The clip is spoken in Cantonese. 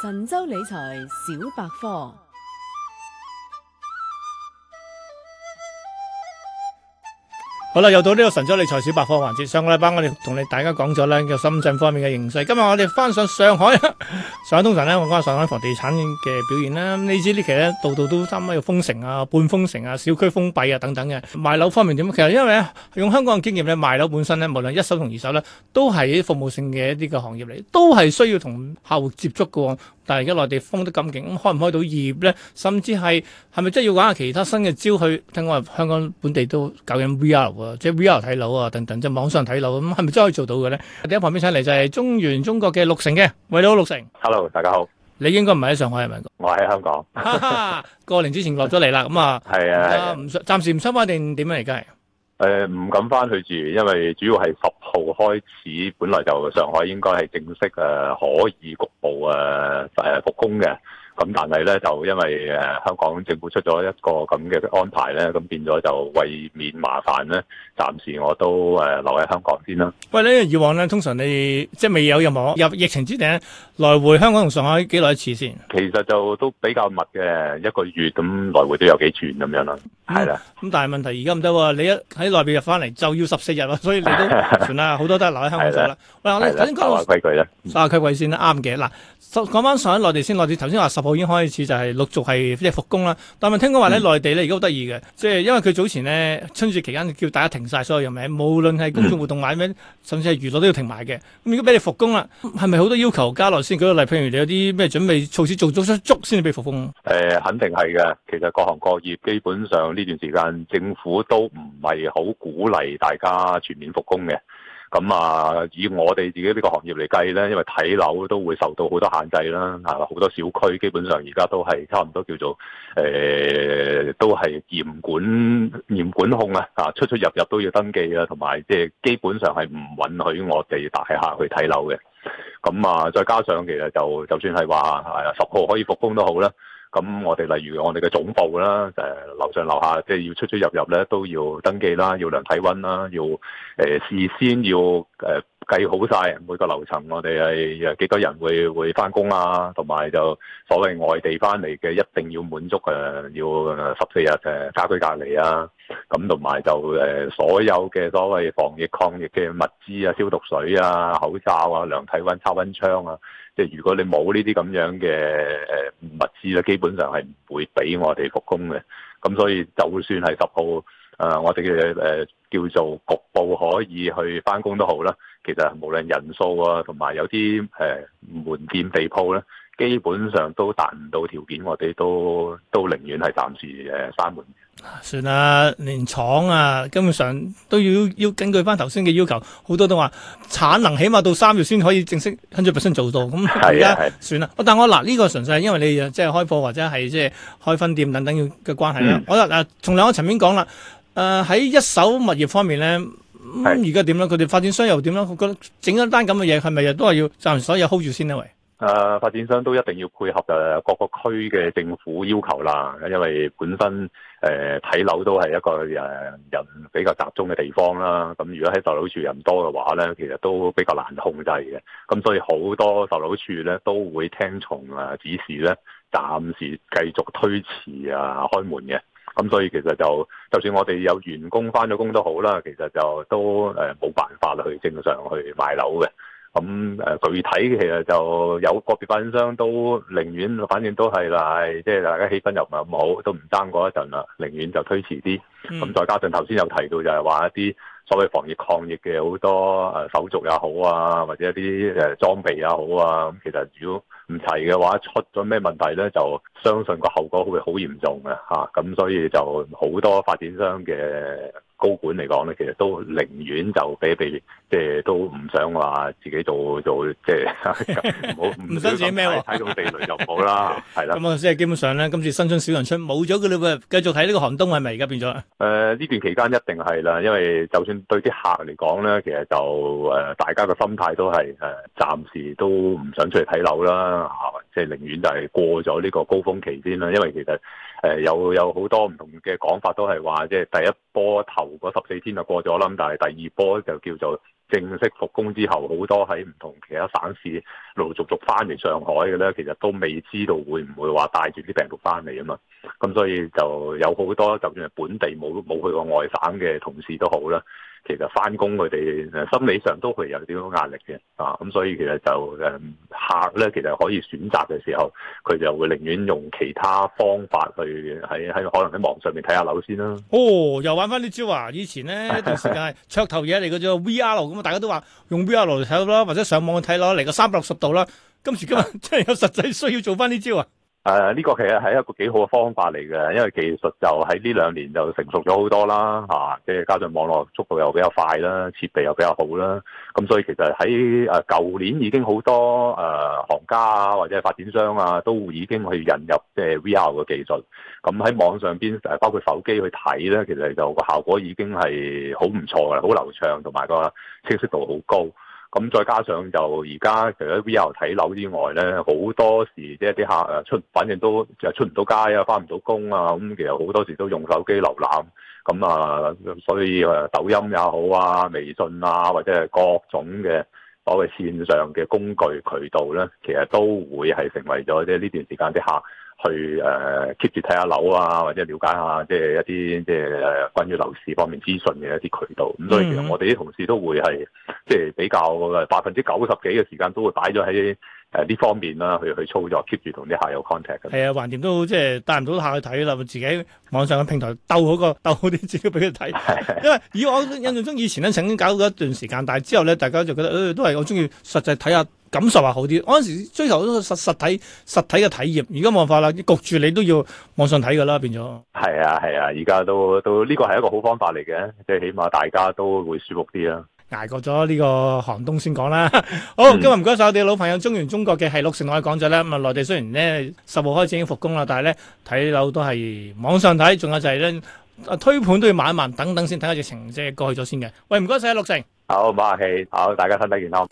神州理財小百科。好啦，又到呢個神州理財小百科環節。上個禮拜我哋同你大家講咗咧嘅深圳方面嘅形勢。今日我哋翻上上海，上海通常咧，我講下上海房地產嘅表現啦。你知呢期咧，度度都三米封城啊，半封城啊，小區封閉啊等等嘅。賣樓方面點？其實因為咧，用香港嘅經驗咧，賣樓本身咧，無論一手同二手咧，都係服務性嘅一啲嘅行業嚟，都係需要同客戶接觸喎。但係而家內地封得咁勁，開唔開到業咧？甚至係係咪真係要玩下其他新嘅招去？聽講香港本地都搞緊 VR。即係 VR 睇樓啊，等等即係網上睇樓咁，係咪真係可以做到嘅咧？喺旁邊上嚟就係中原中國嘅陸成嘅，喂，你好，陸成。Hello，大家好。你應該唔係喺上海係咪？我喺香港。哈哈，過年之前落咗嚟啦，咁啊。係 啊。啊，暫時唔收翻定點樣嚟噶？誒、呃，唔敢翻去住，因為主要係十號開始，本來就上海應該係正式誒、啊、可以局部誒誒復工嘅。咁但係咧，就因為誒、呃、香港政府出咗一個咁嘅安排咧，咁變咗就為免麻煩咧，暫時我都誒、呃、留喺香港先啦。喂，你以往咧，通常你即係未有任何入疫情之頂，來回香港同上海幾耐一次先？其實就都比較密嘅，一個月咁來回都有幾轉咁樣啦。係、嗯、啦。咁但係問題而家唔得喎，你一喺內地入翻嚟就要十四日啦，所以你都算啦，好 多都係留喺香港啦。喂，我首先講規矩咧，三十八規矩先啦，啱嘅嗱，講翻上海內地先，內地頭、嗯嗯、先話十，我已經開始就係陸續係即係復工啦，但係聽講話咧內地咧而家好得意嘅，即係因為佢早前咧春節期間就叫大家停晒所有人名，無論係公眾活動買咩，甚至係娛樂都要停埋嘅。咁如果俾你復工啦，係咪好多要求加落先？舉個例，譬如你有啲咩準備措施做足出足先至俾復工？誒、呃，肯定係嘅。其實各行各業基本上呢段時間政府都唔係好鼓勵大家全面復工嘅。咁啊，以我哋自己呢個行業嚟計呢，因為睇樓都會受到好多限制啦，係嘛？好多小區基本上而家都係差唔多叫做誒、欸，都係嚴管嚴管控啊，啊！出出入入都要登記啊，同埋即係基本上係唔允許我哋大客去睇樓嘅。咁啊，再加上其實就就算係話係啊，十號可以復工都好啦。咁我哋例如我哋嘅總部啦，誒，即係樓上樓下，即係要出出入入咧，都要登記啦，要量體溫啦，要誒事先要誒。計好晒每個流程，我哋係幾多人會會翻工啊，同埋就所謂外地翻嚟嘅一定要滿足誒，要十四日家居隔離啊。咁同埋就所有嘅所謂防疫抗疫嘅物資啊，消毒水啊、口罩啊、量體温、測温槍啊，即係如果你冇呢啲咁樣嘅物資咧，基本上係唔會俾我哋復工嘅。咁所以就算係十號。誒、呃，我哋嘅誒叫做局部可以去翻工都好啦。其實無論人數啊，同埋有啲誒、呃、門店地鋪咧，基本上都達唔到條件，我哋都都寧願係暫時誒閂門。算啦，連廠啊，根本上都要要根據翻頭先嘅要求，好多都話產能起碼到三月先可以正式100%做到。咁而家算、啊、啦。但我嗱呢個純粹係因為你即係開鋪或者係即係開分店等等嘅關係啦。好、嗯、啦，嗱、啊，從兩個層面講啦。誒，喺一手物業方面咧，咁而家點咧？佢哋發展商又點咧？佢覺得整一單咁嘅嘢，係咪都係要暫時所有 hold 住先呢喂誒，uh, 發展商都一定要配合誒各個區嘅政府要求啦，因為本身誒睇樓都係一個誒人,人比較集中嘅地方啦。咁如果喺售樓處人多嘅話咧，其實都比較難控制嘅。咁所以好多售樓處咧都會聽從指示咧，暫時繼續推遲啊開門嘅。咁所以其實就，就算我哋有員工翻咗工都好啦，其實就都誒冇辦法去正常去賣樓嘅。咁、呃、具體其實就有個別發展商都寧願，反正都係啦，即係大家氣氛又唔係咁好，都唔爭嗰一陣啦，寧願就推遲啲。咁、嗯、再加上頭先有提到就係話一啲。所謂防疫抗疫嘅好多誒、啊、手續也好啊，或者一啲誒裝備也好啊，咁其實如果唔齊嘅話，出咗咩問題咧？就相信個後果會好嚴重嘅嚇，咁、啊、所以就好多發展商嘅。高管嚟講咧，其實都寧願就俾俾，即、就、係、是、都唔想話自己做做，即係唔唔想睇到地雷就唔好啦，係 啦。咁、呃、啊，即係基本上咧，今次新春小陽春冇咗佢，嘞喎，繼續睇呢個寒冬係咪而家變咗？誒呢段期間一定係啦，因為就算對啲客嚟講咧，其實就誒、呃、大家嘅心態都係誒暫時都唔想出嚟睇樓啦。啊即係寧願就係過咗呢個高峰期先啦，因為其實誒有有好多唔同嘅講法都係話，即係第一波頭嗰十四天就過咗啦，但係第二波就叫做正式復工之後，好多喺唔同其他省市陸陸續續翻嚟上海嘅咧，其實都未知道會唔會話帶住啲病毒翻嚟啊嘛，咁所以就有好多就算係本地冇冇去過外省嘅同事都好啦。其實翻工，佢哋心理上都會有啲壓力嘅，啊咁所以其實就誒客咧，其實可以選擇嘅時候，佢就會寧願用其他方法去喺喺可能喺網上面睇下樓先啦。哦，又玩翻呢招啊！以前咧一段時間，噱頭嘢嚟嘅啫，VR 咁啊，大家都話用 VR 嚟睇咯，或者上網睇咯，嚟個三百六十度啦。今時今日真係有實際需要做翻呢招啊！誒、啊、呢、這個其實係一個幾好嘅方法嚟嘅，因為技術就喺呢兩年就成熟咗好多啦嚇，即、啊、係加上網絡速度又比較快啦，設備又比較好啦，咁所以其實喺誒舊年已經好多誒、啊、行家啊，或者發展商啊，都已經去引入即係 VR 嘅技術。咁喺網上邊包括手機去睇咧，其實就個效果已經係好唔錯嘅，好流暢同埋個清晰度好高。咁再加上就而家除咗 VR 睇樓之外咧，好多時即係啲客出，反正都就出唔到街啊，返唔到工啊，咁其實好多時都用手機瀏覽，咁啊，所以抖音也好啊，微信啊，或者係各種嘅所謂線上嘅工具渠道咧，其實都會係成為咗即呢段時間啲客，去誒 keep 住睇下樓啊，或者了解下即係一啲即係關於樓市方面資訊嘅一啲渠道。咁、嗯嗯、所以其實我哋啲同事都會係即係比較百分之九十幾嘅時間都會擺咗喺誒呢方面啦，去去操作 keep 住同啲客有 contact。係啊，橫掂都即係帶唔到客去睇啦，自己網上嘅平台鬥好個個鬥好啲資料俾佢睇。 因為以我印象中以前咧曾經搞過一段時間，但係之後咧大家就覺得誒、呃、都係我中意實際睇下。感受話好啲，我嗰時追求都實實體實體嘅體驗，而家冇法啦，焗住你都要網上睇噶啦，變咗。係啊係啊，而家、啊、都都呢、這個係一個好方法嚟嘅，即係起碼大家都會舒服啲啦。捱過咗呢個寒冬先講啦。嗯、 好，今日唔該晒我哋老朋友中原中國嘅係陸成，我哋講咗啦。咁啊，內地雖然咧十號開始已經復工啦，但係咧睇樓都係網上睇，仲有就係咧推盤都要慢一慢等等，等等先睇下只情即係過去咗先嘅。喂，唔該晒陸成。好，唔客氣。好，大家身體健康。